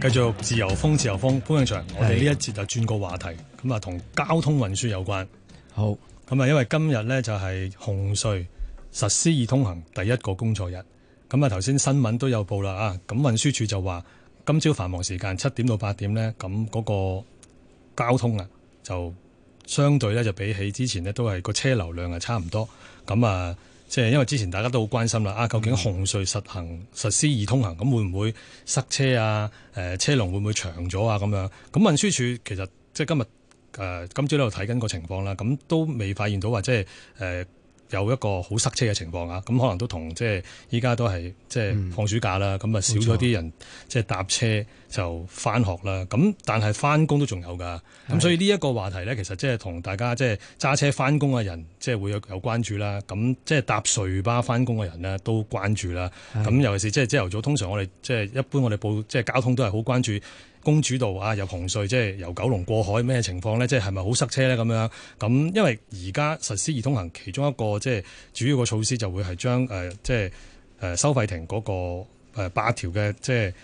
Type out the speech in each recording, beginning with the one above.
繼續自由風，自由風潘永祥，我哋呢一節就轉個話題，咁啊，同交通運輸有關。好，咁啊，因為今日呢，就係紅隧實施易通行第一個工作日，咁啊，頭先新聞都有報啦啊。咁運輸署就話今朝繁忙時間七點到八點呢，咁嗰個交通啊，就相對呢，就比起之前呢，都係個車流量啊差唔多。咁啊。即係因為之前大家都好關心啦，啊究竟紅隧實行實施易通行，咁會唔會塞車啊？誒車龍會唔會長咗啊？咁樣，咁運輸署其實即係今日誒、呃、今朝咧，睇緊個情況啦，咁都未發現到話即係誒。呃有一個好塞車嘅情況啊，咁可能都同即係依家都係即係放暑假啦，咁啊、嗯、少咗啲人即係搭車就翻學啦。咁、嗯、但係翻工都仲有噶，咁的所以呢一個話題呢，其實即係同大家即係揸車翻工嘅人即係會有有關注啦。咁即係搭隧巴翻工嘅人呢，都關注啦。咁的尤其是即係朝頭早，通常我哋即係一般我哋報即係交通都係好關注。公主道啊，由紅隧即係由九龍過海咩情況咧？即係係咪好塞車咧？咁樣，咁，因為而家實施二通行，其中一個即係主要個措施就會係將誒即係誒收費亭嗰個誒八條嘅即係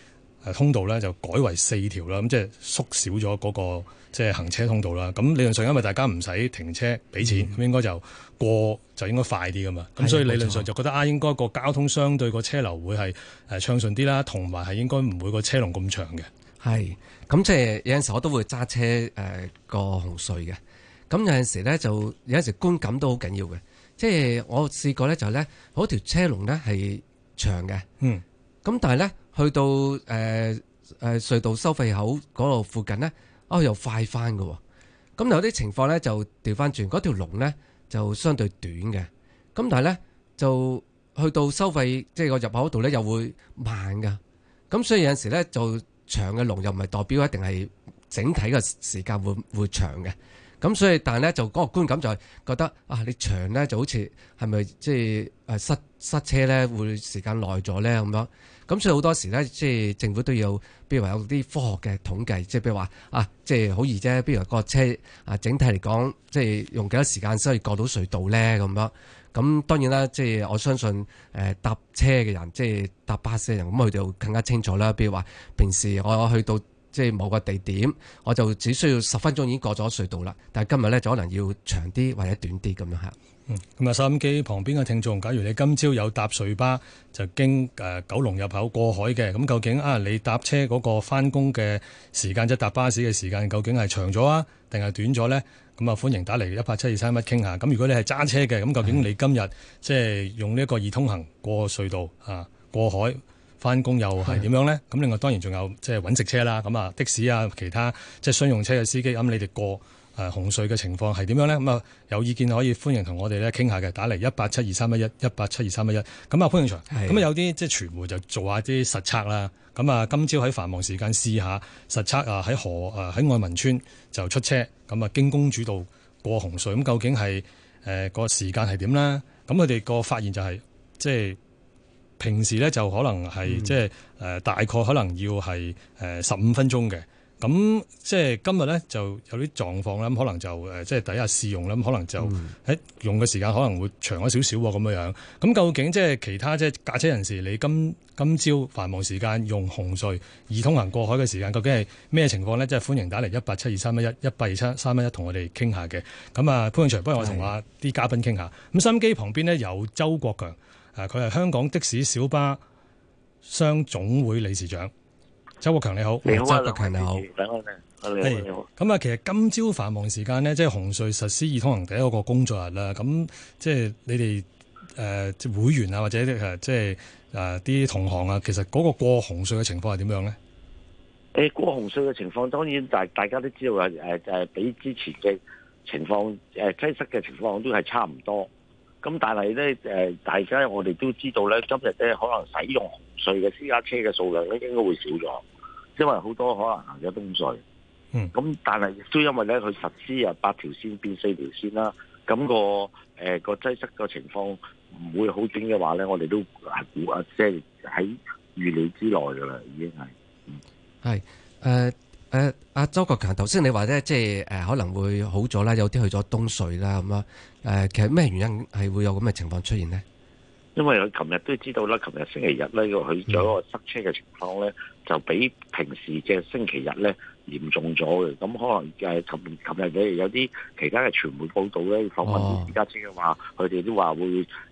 通道咧，就、呃、改為四條啦。咁即係縮小咗嗰、嗰個即係行車通道啦。咁理論上，因為大家唔使停車俾錢，咁、嗯、應該就過就應該快啲噶嘛。咁的所以理論上就覺得啊，錯應該個交通相對個車流會係誒暢順啲啦，同埋係應該唔會個車龍咁長嘅。係咁，即係有陣時我都會揸車誒個紅隧嘅。咁有陣時咧，就有陣時觀感都好緊要嘅。即係我試過咧，就咧嗰條車龍咧係長嘅，嗯，咁但係咧去到誒誒隧道收費口嗰度附近咧，啊又快翻㗎。咁有啲情況咧就調翻轉，嗰條龍咧就相對短嘅。咁但係咧就去到收費即係個入口嗰度咧，又會慢㗎。咁所以有陣時咧就。長嘅龍又唔係代表一定係整體嘅時間會會長嘅，咁所以但係呢就嗰個觀感就係覺得啊，你長呢就好似係咪即係誒塞塞車呢會時間耐咗呢咁樣，咁所以好多時呢，即係政府都要，比如話有啲科學嘅統計，即係譬如話啊，即係好易啫，比如話個車啊整體嚟講，即係用幾多時間先可以過到隧道呢咁樣。咁當然啦，即係我相信搭車嘅人，即係搭巴士嘅人，咁佢哋會更加清楚啦。比如話，平時我去到，即係某個地點，我就只需要十分鐘已經過咗隧道啦。但係今日呢，就可能要長啲或者短啲咁樣吓，嗯，咁啊收音機旁邊嘅聽眾，假如你今朝有搭隧巴，就經、呃、九龍入口過海嘅，咁究竟啊你搭車嗰個返工嘅時間，即係搭巴士嘅時間，究竟係長咗啊，定係短咗呢？咁啊歡迎打嚟一八七二三一傾下。咁如果你係揸車嘅，咁究竟你今日的即係用呢個個易通行過隧道啊過海？返工又係點樣咧？咁的另外當然仲有即係揾食車啦，咁啊的士啊，其他即係商用車嘅司機，咁你哋過誒紅隧嘅情況係點樣咧？咁啊有意見可以歡迎同我哋咧傾下嘅，打嚟一八七二三一一一八七二三一一。咁啊潘永祥，咁啊的有啲即係傳媒就做下啲實測啦。咁啊今朝喺繁忙時間試下實測啊喺河啊喺愛民村就出車，咁啊經公主道過紅隧。咁究竟係誒個時間係點咧？咁佢哋個發現就係、是、即係。平時咧就可能係即係大概可能要係十五分鐘嘅，咁即係今日咧就有啲狀況啦，咁可能就即係第一日試用啦，咁可能就用嘅時間可能會長咗少少喎，咁樣樣。咁究竟即係其他即係駕車人士，你今今朝繁忙時間用紅隧易通行過海嘅時間，究竟係咩情況咧？即係歡迎打嚟一八七二三一一，一八二七三一一同我哋傾下嘅。咁啊，潘永祥，不如我同阿啲嘉賓傾下。咁收音機旁邊呢，有周國強。啊！佢係香港的士小巴商總會理事長周國強，你好，周國強你好。咁啊，其實今朝繁忙時間咧，即係紅隧實施易通行第一個工作日啦。咁即係你哋誒，即、呃、會員啊，或者即係誒，啲、呃、同行啊，其實嗰個過紅隧嘅情況係點樣咧？誒，過紅隧嘅情況，當然大大家都知道係誒、呃、比之前嘅情況誒擠塞嘅情況都係差唔多。咁但係咧，誒大家我哋都知道咧，今日咧可能使用紅隧嘅私家車嘅數量咧應該會少咗，因為好多可能行咗東隧。嗯。咁但係亦都因為咧，佢實施由八條線變四條線啦，咁、那個誒個擠塞個情況唔會好轉嘅話咧，我哋都係估啊，即係喺預料之內㗎喇，已經係。係、嗯，誒。呃誒阿、呃、周國強，頭先你話咧，即係誒、呃、可能會好咗啦，有啲去咗東隧啦咁啦。誒、呃、其實咩原因係會有咁嘅情況出現呢？因為佢琴日都知道啦，琴日星期日咧，佢去咗個塞車嘅情況咧，就比平時嘅星期日咧嚴重咗嘅。咁可能誒琴琴日咧有啲其他嘅傳媒報道咧，訪問啲而家先話，佢哋、哦、都話會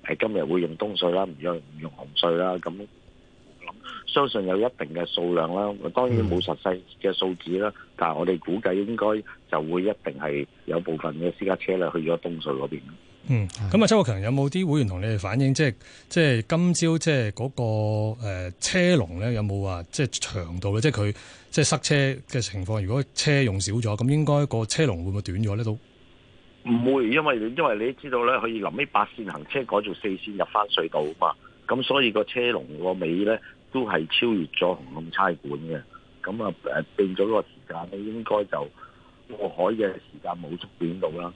係今日會用東隧啦，唔用唔用紅隧啦咁。相信有一定嘅數量啦，當然冇實際嘅數字啦，嗯、但係我哋估計應該就會一定係有部分嘅私家車咧去咗東隧嗰邊。嗯，咁啊，周國強有冇啲會員同你哋反映，即係即係今朝即係嗰個誒、呃、車龍咧，有冇話即係長度咧？即係佢即係塞車嘅情況。如果車用少咗，咁應該個車龍會唔會短咗呢？都唔會，因為因為你知道咧，佢臨尾八線行車改做四線入翻隧道啊嘛，咁所以個車龍個尾咧。都係超越咗紅磡差館嘅，咁啊誒變咗嗰個時間咧，應該就過海嘅時間冇縮短到啦。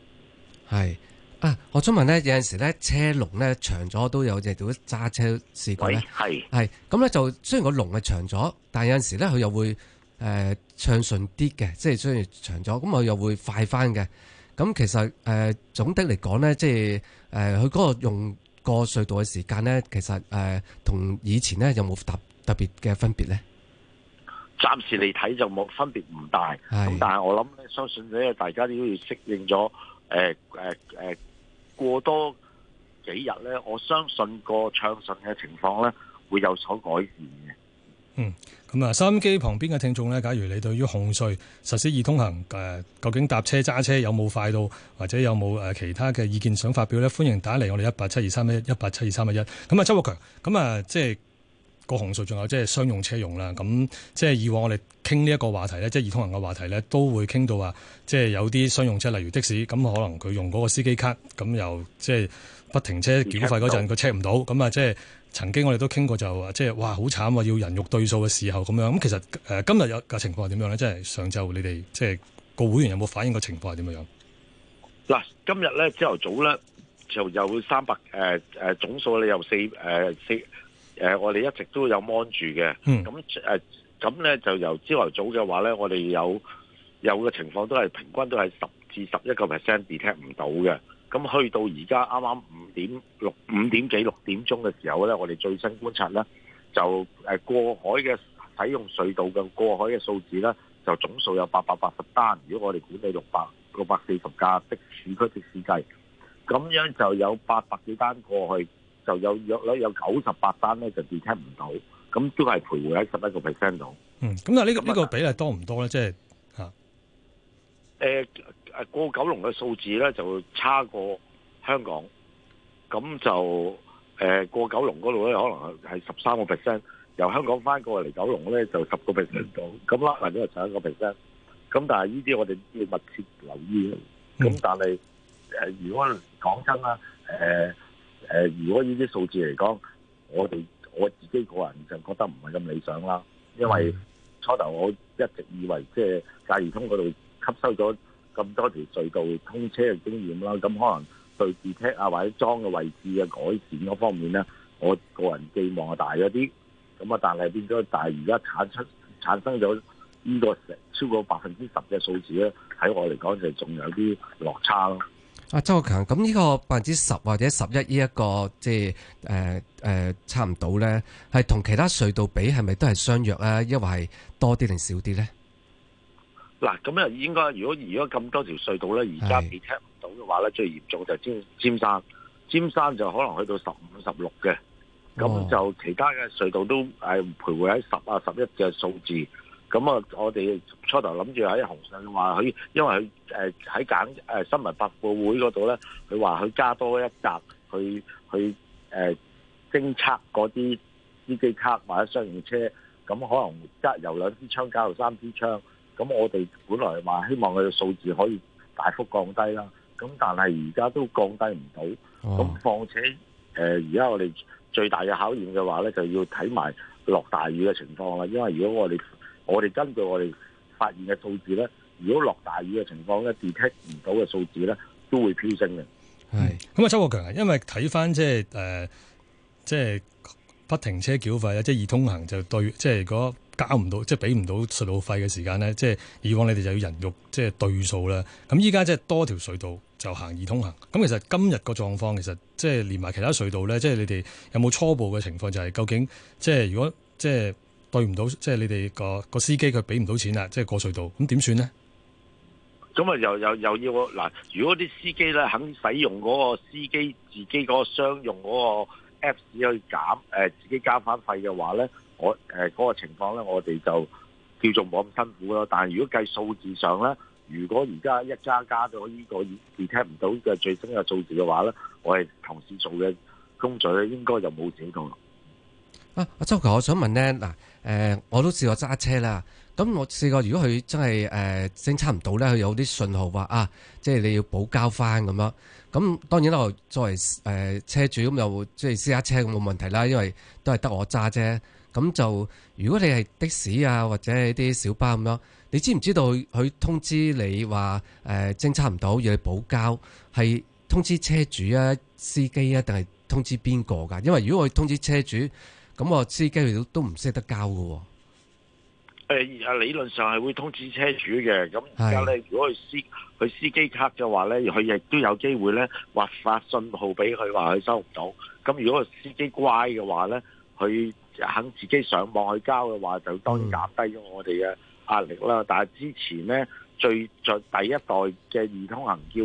係啊，我想問咧，有陣時咧，車龍咧長咗都有隻到揸車試過咧，係係咁咧就雖然個龍係長咗，但係有陣時咧佢又會誒暢順啲嘅，即係雖然長咗，咁我又會快返嘅。咁其實誒總的嚟講咧，即係誒佢嗰個用，個隧道嘅時間呢，其實誒、呃，同以前呢，有冇特特別嘅分別呢？暫時嚟睇就冇分別唔大，咁是的 但係我諗咧，相信咧，大家都要適應咗，誒誒誒，過多幾日呢，我相信個暢順嘅情況呢，會有所改變嘅。嗯，咁啊，收音機旁邊嘅聽眾呢，假如你對於紅隧實施易通行，誒，究竟搭車揸車有冇快到，或者有冇誒其他嘅意見想發表呢？歡迎打嚟我哋一八七二三一，一八七二三一一。咁啊，周國強，咁啊，即係個紅隧仲有即係商用車用啦。咁即係以往我哋傾呢一個話題呢，即係易通行嘅話題呢，都會傾到話，即係有啲商用車，例如的士，咁可能佢用嗰個司機卡，咁又即係不停車繳費嗰陣，佢 check 唔到，咁啊，即係。曾經我哋都傾過就話，即係哇好慘啊！要人肉對數嘅時候咁樣。咁其實誒、呃、今日有個情況係點樣咧？即係上晝你哋即係個會員有冇反應個情況係點樣？嗱，今日咧朝頭早咧就有三百誒誒總數咧有四誒四誒，我哋一直都有 mon 住嘅。嗯。咁誒咁咧就由朝頭早嘅話咧，我哋有有嘅情況都係平均都係十至十一個 percent detect 唔到嘅。咁去到而家啱啱五點六五點幾六點鐘嘅時候咧，我哋最新觀察咧，就誒過海嘅使用隧道嘅過海嘅數字咧，就總數有八百八十單。如果我哋管理六百六百四十架的士區的士計，咁樣就有八百幾單過去，就有約咧有九十八單咧就 detect 唔到，咁都係徘徊喺十一個 percent 度。嗯，咁啊呢個呢、呢個比例多唔多咧？即係嚇誒。呃誒過九龍嘅數字咧就差過香港，咁就誒過九龍嗰度咧可能係十三個 percent，由香港翻過嚟九龍咧就十個 percent 到，咁拉埋咗就十一個 percent。咁但係呢啲我哋要密切留意嘅。咁但係誒如果講真啦，誒誒如果呢啲數字嚟講，我哋我自己個人就覺得唔係咁理想啦，因為初頭我一直以為即係假如通嗰度吸收咗。咁多條隧道通車嘅經驗啦，咁可能對地鐵啊或者裝嘅位置嘅改善嗰方面咧，我個人寄望大咗啲。咁啊，但係變咗，但係而家產出產生咗呢個超過百分之十嘅數字咧，喺我嚟講就仲有啲落差咯。阿周國強，咁呢個百分之十或者十一呢一個即係、呃呃、差唔到咧，係同其他隧道比係咪都係相若啊？抑或係多啲定少啲咧？嗱，咁又應該，如果而家咁多條隧道咧，而家 detect 唔到嘅話咧，是最嚴重就係尖尖山，尖山就可能去到十五、十六嘅，咁就其他嘅隧道都誒、呃、徘徊喺十啊、十一嘅數字。咁啊，我哋初頭諗住喺紅隧話佢，因為佢誒喺簡誒、呃、新聞發佈會嗰度咧，佢話佢加多一格，去去誒偵測嗰啲司機卡或者商用車，咁可能得由兩支槍加到三支槍。咁我哋本來話希望佢嘅數字可以大幅降低啦，咁但係而家都降低唔到。咁、哦、況且，誒而家我哋最大嘅考驗嘅話咧，就要睇埋落大雨嘅情況啦。因為如果我哋我哋根據我哋發現嘅數字咧，如果落大雨嘅情況咧，detect 唔到嘅數字咧，都會飆升嘅。係咁啊，嗯、周國強啊，因為睇返即係誒，即、呃、係、就是、不停車繳費啊，即、就、係、是、易通行就對，即係如果。交唔到即係俾唔到隧道費嘅時間咧，即係以往你哋就要人肉即係對數啦。咁依家即係多條隧道就行易通行。咁其實今日個狀況其實即係連埋其他隧道咧，即係你哋有冇初步嘅情況就係、是、究竟即係如果即係對唔到，即係你哋個、嗰個司機佢俾唔到錢啦，即係過隧道咁點算呢？咁啊又又又要嗱，如果啲司機咧肯使用嗰個司機自己嗰個商用嗰個 apps 可以減、呃、自己加翻費嘅話咧？我誒嗰、呃這個情況咧，我哋就叫做冇咁辛苦咯。但係如果計數字上咧，如果而家一揸加，加到呢，這個偵測唔到嘅最新嘅數字嘅話咧，我哋同事做嘅工序咧，應該就冇錢到啦。啊，阿周球，我想問咧，嗱，誒，我都試過揸車啦。咁我試過，如果佢真係誒，偵測唔到咧，佢有啲信號話啊，即係你要補交翻咁樣。咁當然啦，作為誒、呃、車主咁又即係私家車咁冇問題啦，因為都係得我揸啫。咁就如果你係的士啊，或者係啲小巴咁樣，你知唔知道佢通知你話誒偵測唔到要你補交，係通知車主啊、司機啊，定係通知邊個噶？因為如果我通知車主，咁我司機佢都都唔識得交噶喎。誒啊，理論上係會通知車主嘅。咁而家咧，如果佢司佢司機卡嘅話咧，佢亦都有機會咧發發信號俾佢話佢收唔到。咁如果個司機乖嘅話咧，佢，肯自己上網去交嘅話，就當然減低咗我哋嘅壓力啦。嗯、但係之前呢，最最第一代嘅易通行叫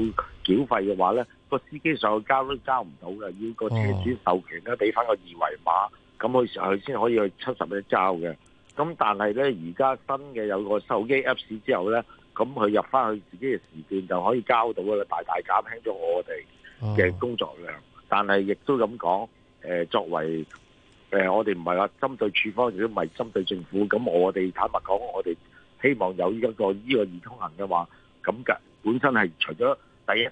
繳費嘅話呢，個司機上去交都交唔到嘅，要個車主授權咧，俾翻個二維碼，咁佢時候先可以去七十一交嘅。咁但係呢，而家新嘅有個手機 Apps 之後呢，咁佢入翻去自己嘅時段就可以交到啦，大大減輕咗我哋嘅工作量。嗯、但係亦都咁講，誒、呃、作為。誒，我哋唔係話針對處方，亦都唔係針對政府。咁我哋坦白講，我哋希望有依一個依個易通行嘅話，咁嘅本身係除咗第一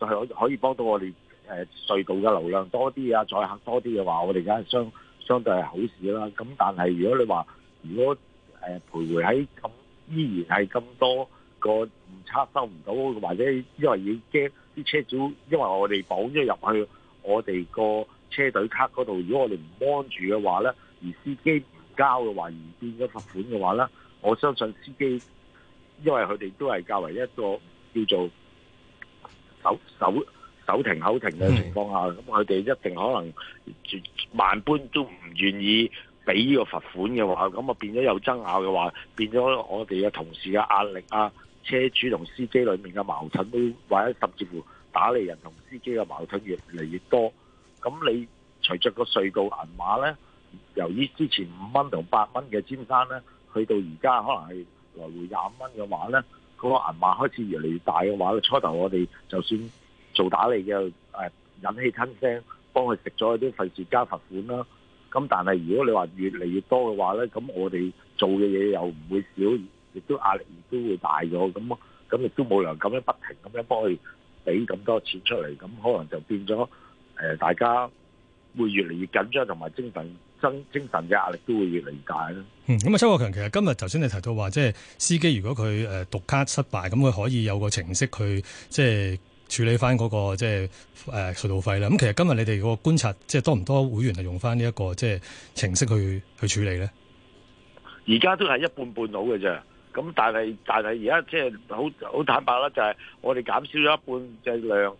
就係可可以幫到我哋誒隧道嘅流量多啲啊，載客多啲嘅話，我哋梗係相相對係好事啦。咁但係如果你話如果誒徘徊喺咁依然係咁多個唔測收唔到，或者因為要驚啲車主，因為我哋綁咗入去，我哋個車隊卡嗰度，如果我哋唔幫住嘅話呢，而司機唔交嘅話，而變咗罰款嘅話呢，我相信司機因為佢哋都係較為一個叫做手手，手停口停嘅情況下，咁佢哋一定可能萬般都唔願意俾呢個罰款嘅話，咁啊變咗有爭拗嘅話，變咗我哋嘅同事嘅壓力啊，車主同司機裡面嘅矛盾都或者甚至乎打理人同司機嘅矛盾越嚟越多。咁你隨着個隧道銀碼咧，由於之前五蚊同八蚊嘅尖山咧，去到而家可能係來回廿蚊嘅話咧，嗰個銀碼開始越嚟越大嘅話，初頭我哋就算做打理嘅誒、啊、忍氣吞聲，幫佢食咗一啲費事交罰款啦。咁但係如果你話越嚟越多嘅話咧，咁我哋做嘅嘢又唔會少，亦都壓力亦都會大咗。咁咁亦都冇理由咁樣不停咁樣幫佢俾咁多錢出嚟，咁可能就變咗。誒，大家會越嚟越緊張，同埋精神、精神嘅壓力都會越嚟越大啦。嗯，咁啊，周國強，其實今日頭先你提到話，即係司機如果佢誒讀卡失敗，咁佢可以有個程式去即係處理翻、那、嗰個即係誒、呃、隧道費啦。咁其實今日你哋個觀察，即係多唔多會員係用翻呢一個即係程式去去處理咧？而家都係一半半好嘅啫，咁但係但係而家即係好好坦白啦，就係、是、我哋減少咗一半嘅、就是、量。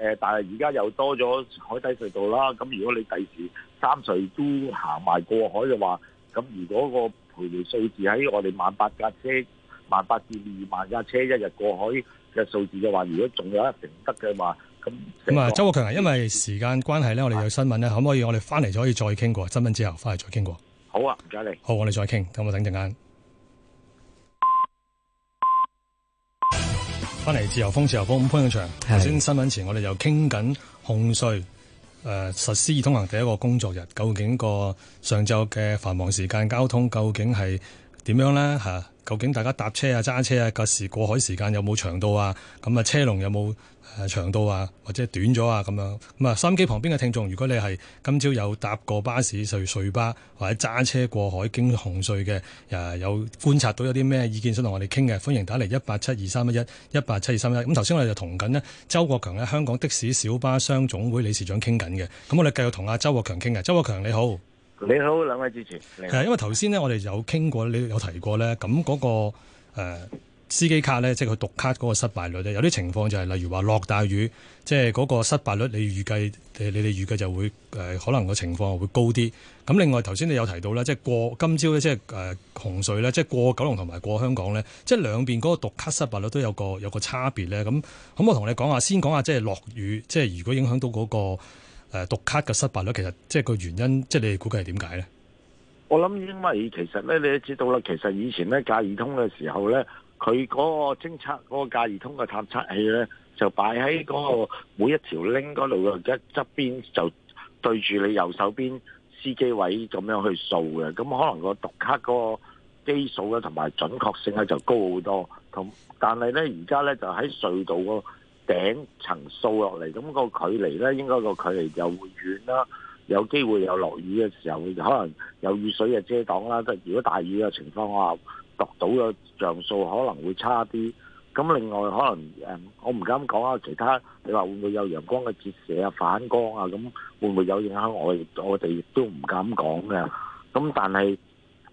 誒，但係而家又多咗海底隧道啦。咁如果你第時三隧都行埋過海嘅話，咁如果個條數字喺我哋萬八架車、萬八至二萬架車一日過海嘅數字嘅話，如果仲有一成得嘅話，咁唔係周國強，因為時間關係咧，我哋有新聞咧、啊、可唔可以我哋翻嚟就可以再傾過新聞之後翻嚟再傾過好啊，唔該你。好，我哋再傾，等我等陣間。翻嚟自由風，自由風，咁潘永祥。頭先新聞前，我哋又傾緊控稅，誒、呃、實施易通行第一個工作日，究竟個上晝嘅繁忙時間交通究竟係點樣咧？嚇、啊，究竟大家搭車啊、揸車啊，個時過海時間有冇長到啊？咁、嗯、啊，車龍有冇？誒長度啊，或者短咗啊，咁樣咁啊！收音機旁邊嘅聽眾，如果你係今朝有搭過巴士、隧隧巴或者揸車過海經紅隧嘅，誒有觀察到有啲咩意見想同我哋傾嘅，歡迎打嚟一八七二三一一一八七二三一一。咁頭先我哋就同緊呢，周國強呢，香港的士小巴商總會理事長傾緊嘅。咁我哋繼續同阿周國強傾嘅。周國強你好，你好兩位主持，因為頭先呢，我哋有傾過，你有提過呢，咁嗰、嗰個、呃司機卡咧，即係佢讀卡嗰個失敗率咧，有啲情況就係，例如話落大雨，即係嗰個失敗率，你預計你哋預計就會誒，可能個情況會高啲。咁另外頭先你有提到啦，即係過今朝咧，即係誒紅隧咧，即係過九龍同埋過香港咧，即係兩邊嗰個讀卡失敗率都有個有個差別咧。咁咁，我同你講下，先講下即係落雨，即係如果影響到嗰個誒讀卡嘅失敗率，其實即係個原因，即係你哋估計係點解咧？我諗因為其實咧，你都知道啦，其實以前咧，駕易通嘅時候咧。佢嗰個偵測嗰、嗰個易通行嘅探測器咧，就擺喺嗰個每一條 link 嗰度嘅側側邊，就對住你右手邊司機位咁樣去掃嘅。咁可能個讀卡嗰個機數咧，同埋準確性咧就高好多。同但係咧，而家咧就喺隧道個頂層掃落嚟，咁、嗰個距離咧應該個距離就會遠啦。有機會有落雨嘅時候，可能有雨水嘅遮擋啦。即係如果大雨嘅情況下，落到嘅像素可能會差啲，咁另外可能、嗯、我唔敢講啊。其他你話會唔會有陽光嘅折射啊、反光啊，咁會唔會有影響？我我哋亦都唔敢講嘅。咁但係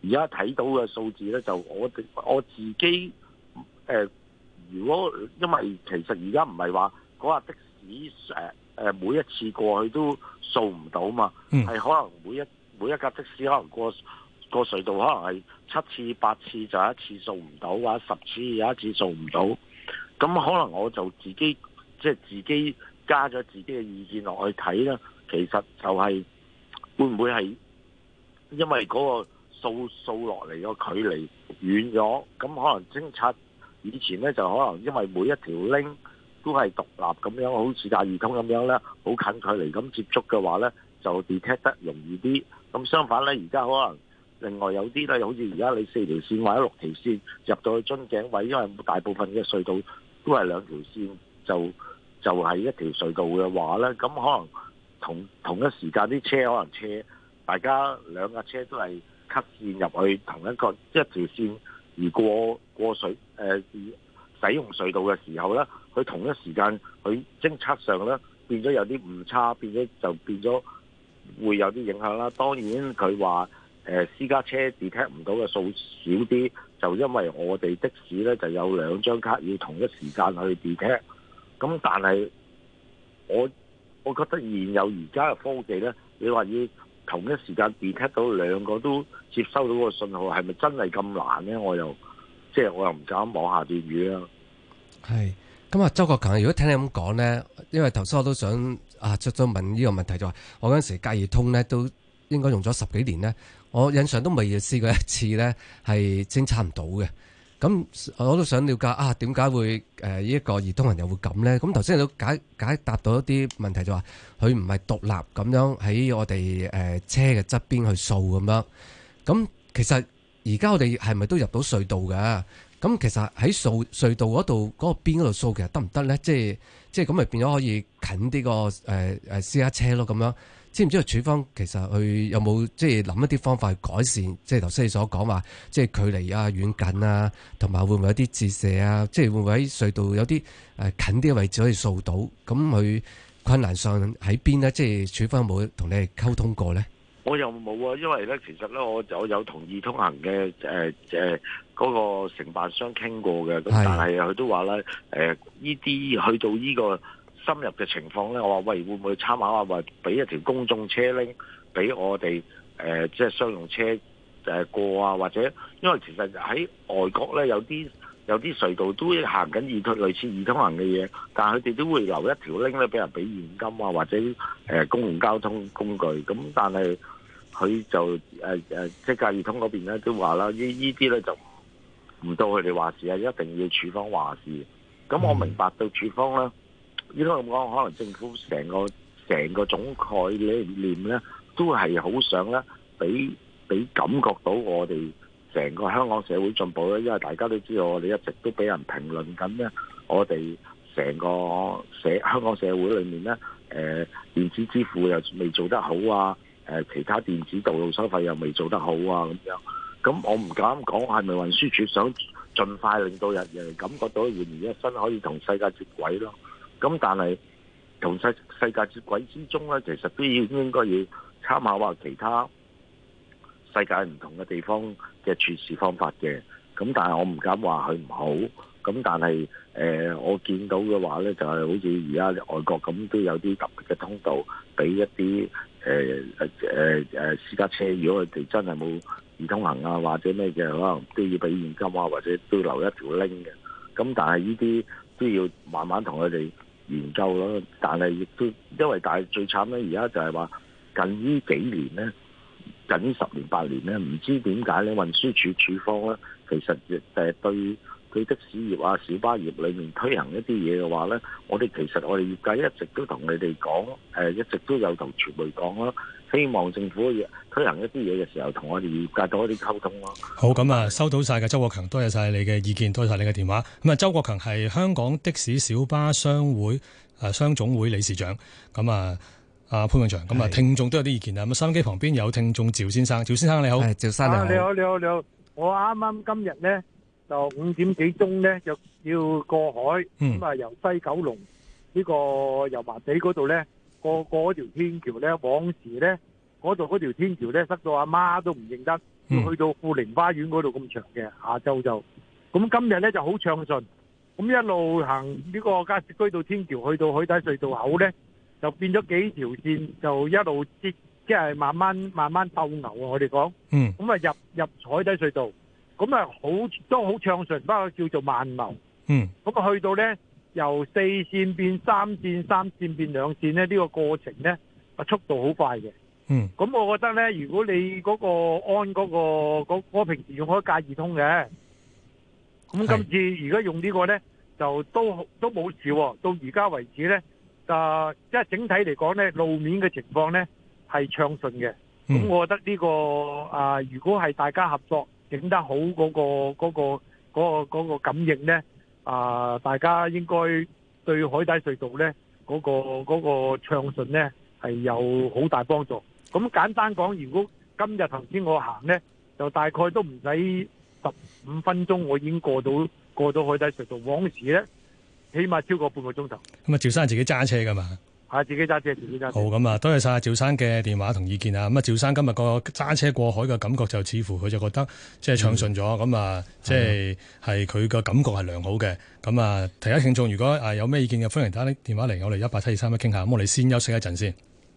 而家睇到嘅數字咧，就我哋我自己誒，如果因為其實而家唔係話嗰日的士誒誒、呃呃、每一次過去都掃唔到啊嘛，係可能每一每一架的士可能過。個隧道可能係七次八次就一次掃唔到，或者十次有一次掃唔到，咁可能我就自己即係、就是、自己加咗自己嘅意見落去睇啦。其實就係會唔會係因為嗰個掃掃落嚟個距離遠咗，咁可能偵察以前呢，就可能因為每一條 link 都係獨立咁樣，好似大魚通咁樣咧，好近距離咁接觸嘅話呢，就 detect 得容易啲。咁相反呢，而家可能。另外有啲咧，好似而家你四條線或者六條線入到去樽頸位，因為大部分嘅隧道都係兩條線，就就係、是、一條隧道嘅話咧，咁可能同同一時間啲車可能車，大家兩架車都係吸線入去同一個一條線而過過水誒、呃、使用隧道嘅時候咧，佢同一時間佢偵測上咧變咗有啲誤差，變咗就變咗會有啲影響啦。當然佢話。誒私家車 detect 唔到嘅數少啲，就因為我哋的士咧就有兩張卡要同一時間去 detect。咁但係我我覺得現有而家嘅科技咧，你話要同一時間 detect 到兩個都接收到個信號，係咪真係咁難咧？我又即係我又唔敢妄下斷語咯。係，咁啊，周國強，如果聽你咁講咧，因為頭先我都想啊出咗問呢個問題，就話我嗰陣時嘉義通咧都，應該用咗十幾年呢，我印象都未試過一次呢，係偵測唔到嘅。咁我都想了解啊，點解會誒呢一個易通行又會咁呢？咁頭先都解解答到一啲問題，就是，就話佢唔係獨立咁樣喺我哋誒、呃、車嘅側邊去掃咁樣。咁其實而家我哋係咪都入到隧道㗎？咁其實喺掃隧道嗰度嗰個邊嗰度掃，其實得唔得呢？即係即係咁咪變咗可以近啲、個誒誒、呃、私家車咯咁樣。知唔知啊？處方其實佢有冇即係諗一啲方法去改善？即係頭先你所講話，即係距離啊、遠近啊，同埋會唔會有啲折射啊？即係會唔會喺隧道有啲誒近啲嘅位置可以掃到？咁佢困難上喺邊呢？即係處方有冇同你哋溝通過咧？我又冇啊，因為咧，其實咧，我有有同易通行嘅誒誒嗰個承辦商傾過嘅，咁的但係佢都話咧，誒呢啲去到呢、呢個。深入嘅情況咧，我話喂，會唔會參考啊？或俾一條公眾車拎俾我哋？誒、呃，即係商用車誒、呃、過啊？或者，因為其實喺外國咧，有啲有啲隧道都行緊易通，類似易通行嘅嘢，但係佢哋都會留一條拎咧俾人俾現金啊，或者誒、呃、公共交通工具。咁但係佢就誒誒、呃，即係介易通嗰邊咧都話啦，呢依啲咧就唔到佢哋話事啊，一定要處方話事。咁我明白、嗯、到處方咧。應該咁講，可能政府成個成個總概念咧，都係好想咧，俾俾感覺到我哋成個香港社會進步咧。因為大家都知我哋一直都俾人評論緊咧，我哋成個社香港社會裏面咧，誒電子支付又未做得好啊，誒其他電子道路收費又未做得好啊咁樣。咁我唔敢講係咪運輸署想盡快令到人人感覺到煥然一新，可以同世界接軌咯。咁但係同世世界接軌之中咧，其實都要應該要參考下其他世界唔同嘅地方嘅處事方法嘅。咁但係我唔敢話佢唔好。咁但係、呃、我見到嘅話咧，就係好似而家外國咁，都有啲特別嘅通道俾一啲誒誒誒私家車，如果佢哋真係冇易通行啊，或者咩嘅可能都要俾現金啊，或者都留一條鈴嘅。咁但係呢啲都要慢慢同佢哋。研究咯，但係亦都因為，但係最慘咧，而家就係話近呢幾年咧，近十年八年咧，唔知點解咧，運輸處處方咧，其實亦就係對，你的士業啊，小巴業裏面推行一啲嘢嘅話咧，我哋其實我哋業界一直都同你哋講，誒、呃，一直都有同傳媒講咯，希望政府推行一啲嘢嘅時候，同我哋業界多啲溝通咯，啊。好，咁，嗯，啊，收到晒嘅周國強，多謝晒你嘅意見，多謝晒你嘅電話。咁，嗯，啊，周國強係香港的士小巴商會誒，啊，商總會理事長。咁，嗯，啊，阿潘永祥，咁，嗯，啊，的聽眾都有啲意見啊。咁收音機旁邊有聽眾，趙先生，趙先生你好，趙，啊，生你好，你好，你好，你好，我啱啱今日咧。就五點幾鐘咧，就要過海，咁啊由西九龍呢個油麻地嗰度咧，過過嗰條天橋咧，往時咧嗰度嗰條天橋咧塞到阿媽都唔認得，要去到富寧花園嗰度咁長嘅，下晝就咁今日咧就好暢順，咁一路行呢個加士居道天橋去到海底隧道口咧，就變咗幾條線，就一路接，即係慢慢慢慢鬥牛啊！我哋講，咁啊入入海底隧道。咁啊，好、嗯、都好暢順，包括叫做萬流。嗯。不過去到呢，由四線變三線，三線變兩線呢，呢、呢個過程呢，速度好快嘅。嗯。咁、嗯、我覺得呢，如果你嗰個安嗰、嗰個嗰我平時用開介易通嘅，咁今次而家用呢個呢，就都都冇事。到而家為止呢，啊、呃，即係整體嚟講呢，路面嘅情況呢係暢順嘅。咁、嗯嗯、我覺得呢、呢個啊、呃，如果係大家合作。整得好嗰個嗰個嗰個嗰個感應呢，啊、呃，大家應該對海底隧道呢，嗰個嗰個暢順呢係有好大幫助。咁簡單講，如果今日頭先我行呢，就大概都唔使十五分鐘，我已經過到過咗海底隧道。往時呢，起碼超過半個鐘頭。咁啊，趙生自己揸車㗎嘛？係自己揸車，自己揸。好，咁、嗯、啊，多謝晒趙生嘅電話同意見啊。咁啊，趙生今日個揸車過海嘅感覺就似乎佢就覺得即係暢順咗，咁啊，即係係佢個感覺係良好嘅。咁、嗯、啊，其他聽眾如果誒有咩意見嘅，歡迎打電話嚟，我哋一八七二三一傾下。咁我哋先休息一陣先。